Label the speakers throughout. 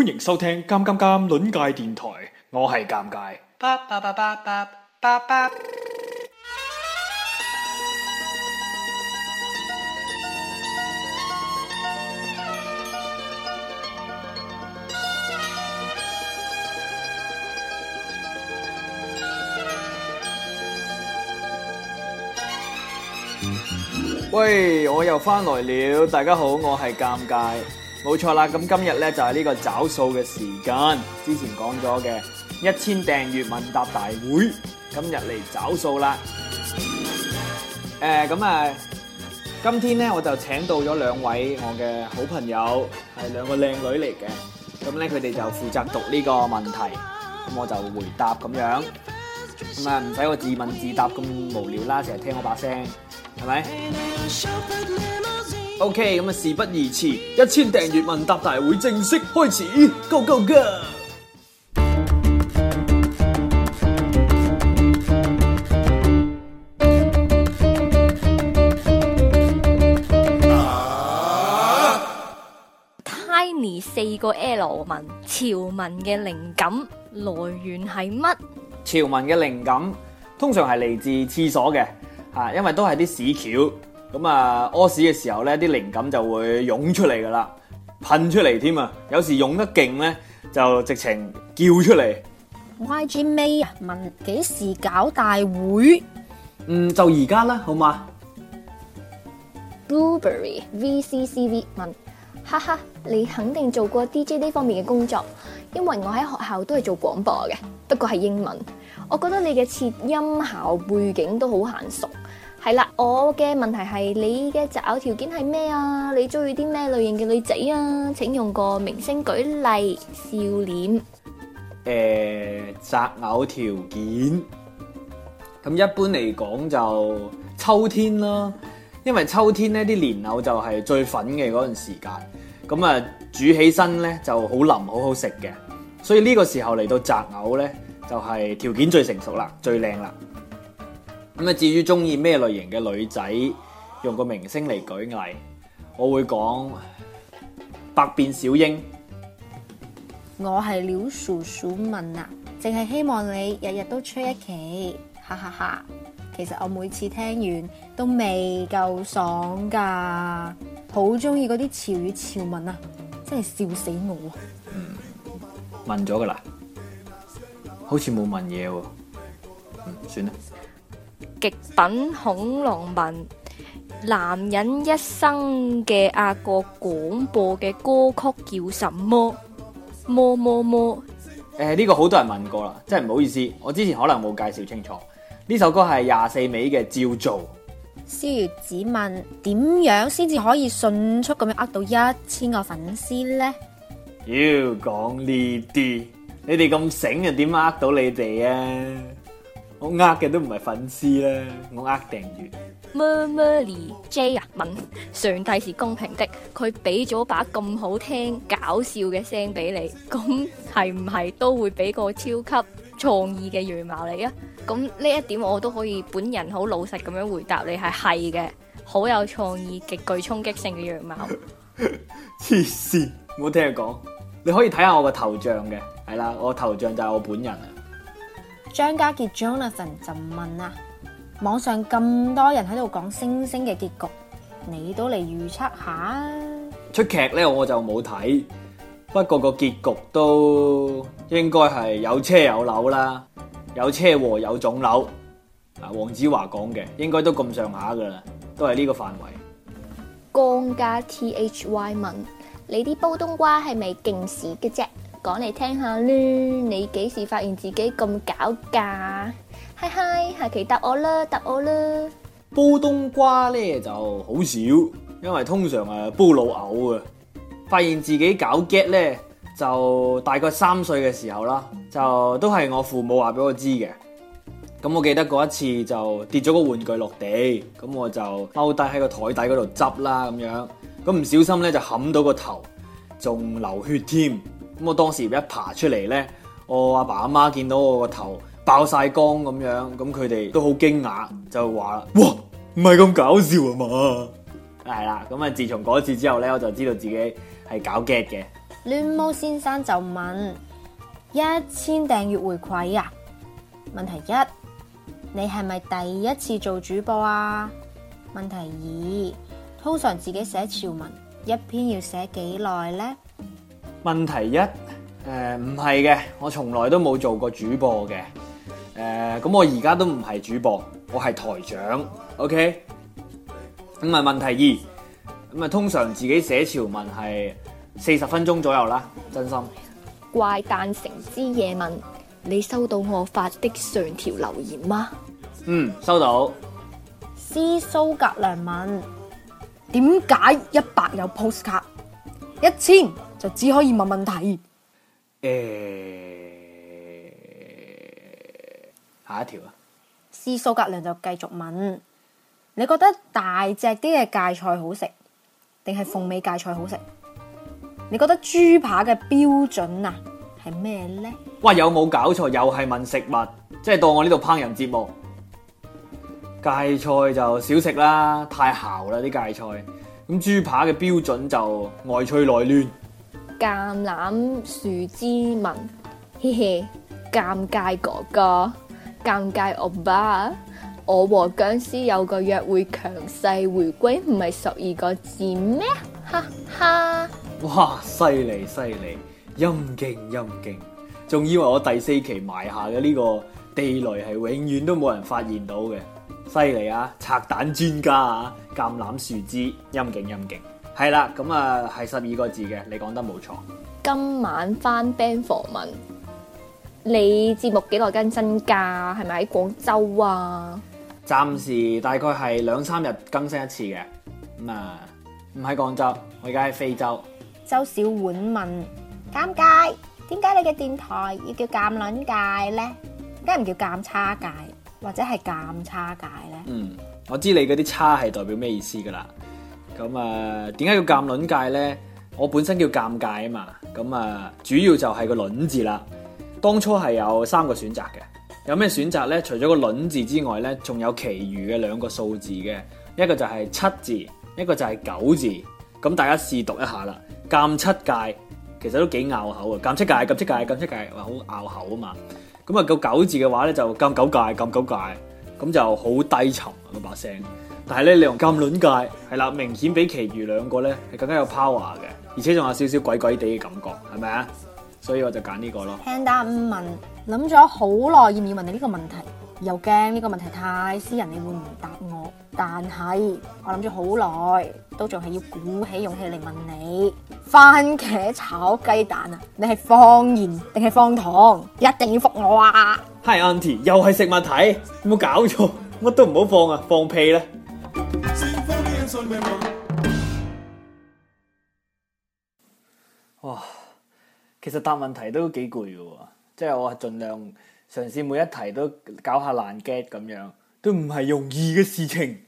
Speaker 1: 歡迎收聽《尷尷尷》倫界電台，我係尷尬。喂，我又返嚟了，大家好，我係尷尬。冇錯啦，咁今日咧就係呢個找數嘅時間。之前講咗嘅一千訂閱問答大會，今日嚟找數啦。誒，咁啊，今天咧我就請到咗兩位我嘅好朋友，係兩個靚女嚟嘅。咁咧佢哋就負責讀呢個問題，咁我就回答咁樣。咁啊，唔使我自問自答咁無聊啦，成日聽我把聲，係咪？OK，咁啊事不宜遲，一千訂閱問答大會正式開始，Go Go
Speaker 2: Go！Tiny 四個 L 問潮文嘅靈感來源係乜？
Speaker 1: 潮文嘅靈感通常係嚟自廁所嘅，啊，因為都係啲屎橋。咁啊，屙屎嘅時候咧，啲靈感就會湧出嚟噶啦，噴出嚟添啊！有時湧得勁咧，就直情叫出嚟。
Speaker 3: Y G M A，問幾時
Speaker 2: 搞大會？
Speaker 1: 嗯，就而家啦，好嘛
Speaker 2: ？Blueberry V C C V 問。哈哈，你肯定做過 D J 呢方面嘅工作，因為我喺學校都係做廣播嘅，不過係英文。我覺得你嘅切音效背景都好嫻熟。我嘅問題係你嘅擇偶條件係咩啊？你中意啲咩類型嘅女仔啊？請用個明星舉例，笑臉。
Speaker 1: 誒，擇偶條件，咁一般嚟講就秋天啦，因為秋天呢啲蓮藕就係最粉嘅嗰段時間，咁啊煮起身呢就好腍好好食嘅，所以呢個時候嚟到擇偶呢就係條件最成熟啦，最靚啦。咁啊，至於中意咩類型嘅女仔，用個明星嚟舉例，我會講百變小櫻。
Speaker 3: 我係鳥叔鼠問啊，淨係希望你日日都吹一期，哈哈哈！其實我每次聽完都未夠爽噶，好中意嗰啲潮語潮文啊，真係笑死我啊，嗯！
Speaker 1: 問咗噶啦，好似冇問嘢喎，嗯，算啦。
Speaker 2: 極品恐龍文，男人一生嘅阿國廣播嘅歌曲叫什麼？麼麼麼？
Speaker 1: 誒、欸，呢、這個好多人問過啦，真係唔好意思，我之前可能冇介紹清楚。呢首歌係廿四味嘅照做。
Speaker 3: 逍遙子問：點樣先至可以迅速咁樣呃到一千個粉絲呢？」
Speaker 1: 妖講呢啲，你哋咁醒又點呃到你哋啊？我呃嘅都唔係粉絲咧，我呃訂
Speaker 2: 員。Marily J 啊問上帝是公平的，佢俾咗把咁好聽搞笑嘅聲俾你，咁係唔係都會俾個超級創意嘅樣貌你啊？咁呢一點我都可以本人好老實咁樣回答你係係嘅，好有創意、極具衝擊性嘅樣貌。
Speaker 1: 黐線，冇聽佢講，你可以睇下我個頭像嘅，係啦，我頭像就係我本人。
Speaker 2: 張家傑 Jonathan
Speaker 3: 就問啦：網上咁多人喺度講星星嘅結局，你都嚟預測下啊？
Speaker 1: 出劇咧我就冇睇，不過個結局都應該係有車有樓啦，有車禍有腫瘤。啊，黃子華講嘅應該都咁上下噶啦，都係呢個範圍。
Speaker 2: 江家 THY 問：你啲煲冬瓜係咪勁屎嘅啫？講嚟聽下咧，你幾時發現自己咁搞噶？嘿嘿，下期答我啦，答我啦！
Speaker 1: 煲冬瓜呢就好少，因為通常誒煲老藕啊。發現自己搞 get 咧，就大概三歲嘅時候啦，就都係我父母話俾我知嘅。咁我記得嗰一次就跌咗個玩具落地，咁我就踎低喺個台底嗰度執啦，咁樣咁唔小心呢，就冚到個頭，仲流血添。咁我當時一爬出嚟呢，我阿爸阿媽見到我個頭爆晒光咁樣，咁佢哋都好驚訝，就話：「哇，唔係咁搞笑啊嘛！係啦，咁啊，自從嗰次之後呢，我就知道自己係搞 get 嘅。亂毛先
Speaker 3: 生就問：一千訂閲回饋啊？問題一，你係咪第一次做主播啊？問題二，通常自己寫潮文一篇要寫幾耐呢？」
Speaker 1: 問題一，誒唔係嘅，我從來都冇做過主播嘅，誒咁我而家都唔係主播，我係台長，OK？咁啊問題二，咁啊通常自己寫潮文係四十分鐘左右啦，真心。
Speaker 2: 怪誕成之夜問，你收到我發的上條留言嗎？
Speaker 1: 嗯，收到。
Speaker 2: 思蘇格良問，
Speaker 3: 點解一百有 postcard？一千。就只可以問問，問題。
Speaker 1: 誒、欸，下一條啊！
Speaker 3: 司蘇格良就繼續問：你覺得大隻啲嘅芥菜好食，定係鳳尾芥菜好食？你覺得豬扒嘅標準啊，係咩呢？
Speaker 1: 喂，有冇搞錯？又係問食物，即係當我呢度烹飪節目。芥菜就少食啦，太姣啦啲芥菜。咁豬扒嘅標準就外脆內嫩。
Speaker 2: 橄欖樹枝文，嘿嘿，尷尬哥哥，尷尬我爸，我和僵屍有個約會強勢回歸唔係十二個字咩？哈
Speaker 1: 哈，哇，犀利犀利，陰勁陰勁，仲以為我第四期埋下嘅呢個地雷係永遠都冇人發現到嘅，犀利啊，拆彈專家啊，橄欖樹枝，陰勁陰勁。係啦，咁啊，係十二個字嘅，你講得冇錯。
Speaker 2: 今晚翻 band 訪問，你節目幾耐更新噶？係咪喺廣州啊？
Speaker 1: 暫時大概係兩三日更新一次嘅。咁啊，唔喺廣州，我而家喺非洲。周小婉問：尷尬，
Speaker 3: 點解你嘅電台要叫尷尬界咧？點解唔叫尷尬差界，或者係尷尬差界咧？
Speaker 1: 嗯，我知你嗰啲差係代表咩意思噶啦。咁啊，點解叫鑑論界呢？我本身叫鑑界啊嘛。咁啊，主要就係個論字啦。當初係有三個選擇嘅。有咩選擇呢？除咗個論字之外呢，仲有其餘嘅兩個數字嘅。一個就係七字，一個就係九字。咁大家試讀一下啦。鑑七界其實都幾拗口啊。鑑七界、鑑七界、鑑七界，嘩，好拗口啊嘛。咁啊，個九字嘅話呢，就鑑九界、鑑九界，咁就好低沉啊嗰把聲。但係呢，梁咁卵界係啦，明顯比其餘兩個咧係更加有 power 嘅，而且仲有少少鬼鬼地嘅感覺，係咪啊？所以我就揀呢個咯。
Speaker 3: 聽得唔問，諗咗好耐，要唔要問你呢個問題？又驚呢個問題太私人，你會唔答我？但係我諗咗好耐，都仲係要鼓起勇氣嚟問你：番茄炒雞蛋啊，你係放鹽定係放糖？一定要覆我啊
Speaker 1: ！Hi Auntie 又係食物題，有冇搞錯，乜都唔好放啊，放屁啦！哇，其實答問題都幾攰噶喎，即係我係盡量嘗試每一題都搞下爛 gag 咁樣，都唔係容易嘅事情。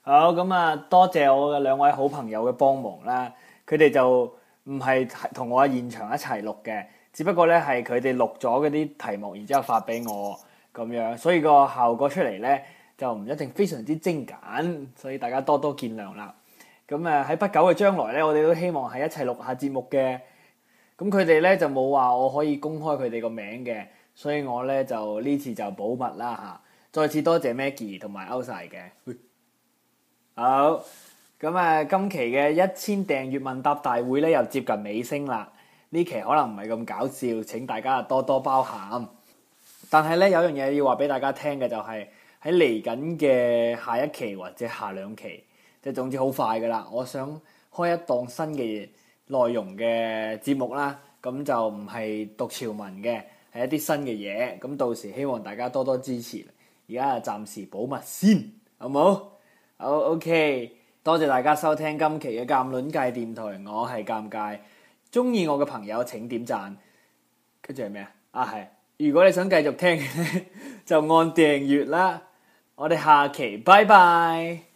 Speaker 1: 好咁啊，多謝我嘅兩位好朋友嘅幫忙啦，佢哋就唔係同我現場一齊錄嘅，只不過咧係佢哋錄咗嗰啲題目，然之後發俾我咁樣，所以個效果出嚟咧。就唔一定非常之精簡，所以大家多多見諒啦。咁喺不久嘅將來咧，我哋都希望係一齊錄下節目嘅。咁佢哋咧就冇話我可以公開佢哋個名嘅，所以我咧就呢次就保密啦吓，再次多謝 Maggie 同埋歐 e 嘅。好，咁啊，今期嘅一千訂閱問答大會咧又接近尾聲啦。呢期可能唔係咁搞笑，請大家多多包涵但呢。但係咧有樣嘢要話俾大家聽嘅就係、是。喺嚟緊嘅下一期或者下兩期，即係總之好快噶啦！我想開一檔新嘅內容嘅節目啦，咁就唔係讀潮文嘅，係一啲新嘅嘢。咁到時希望大家多多支持。而家啊，暫時保密先，好冇？好 OK，多謝大家收聽今期嘅鑑論界電台，我係鑑界。中意我嘅朋友請點讚，跟住係咩啊？啊係，如果你想繼續聽， 就按訂閱啦。我哋下期拜拜。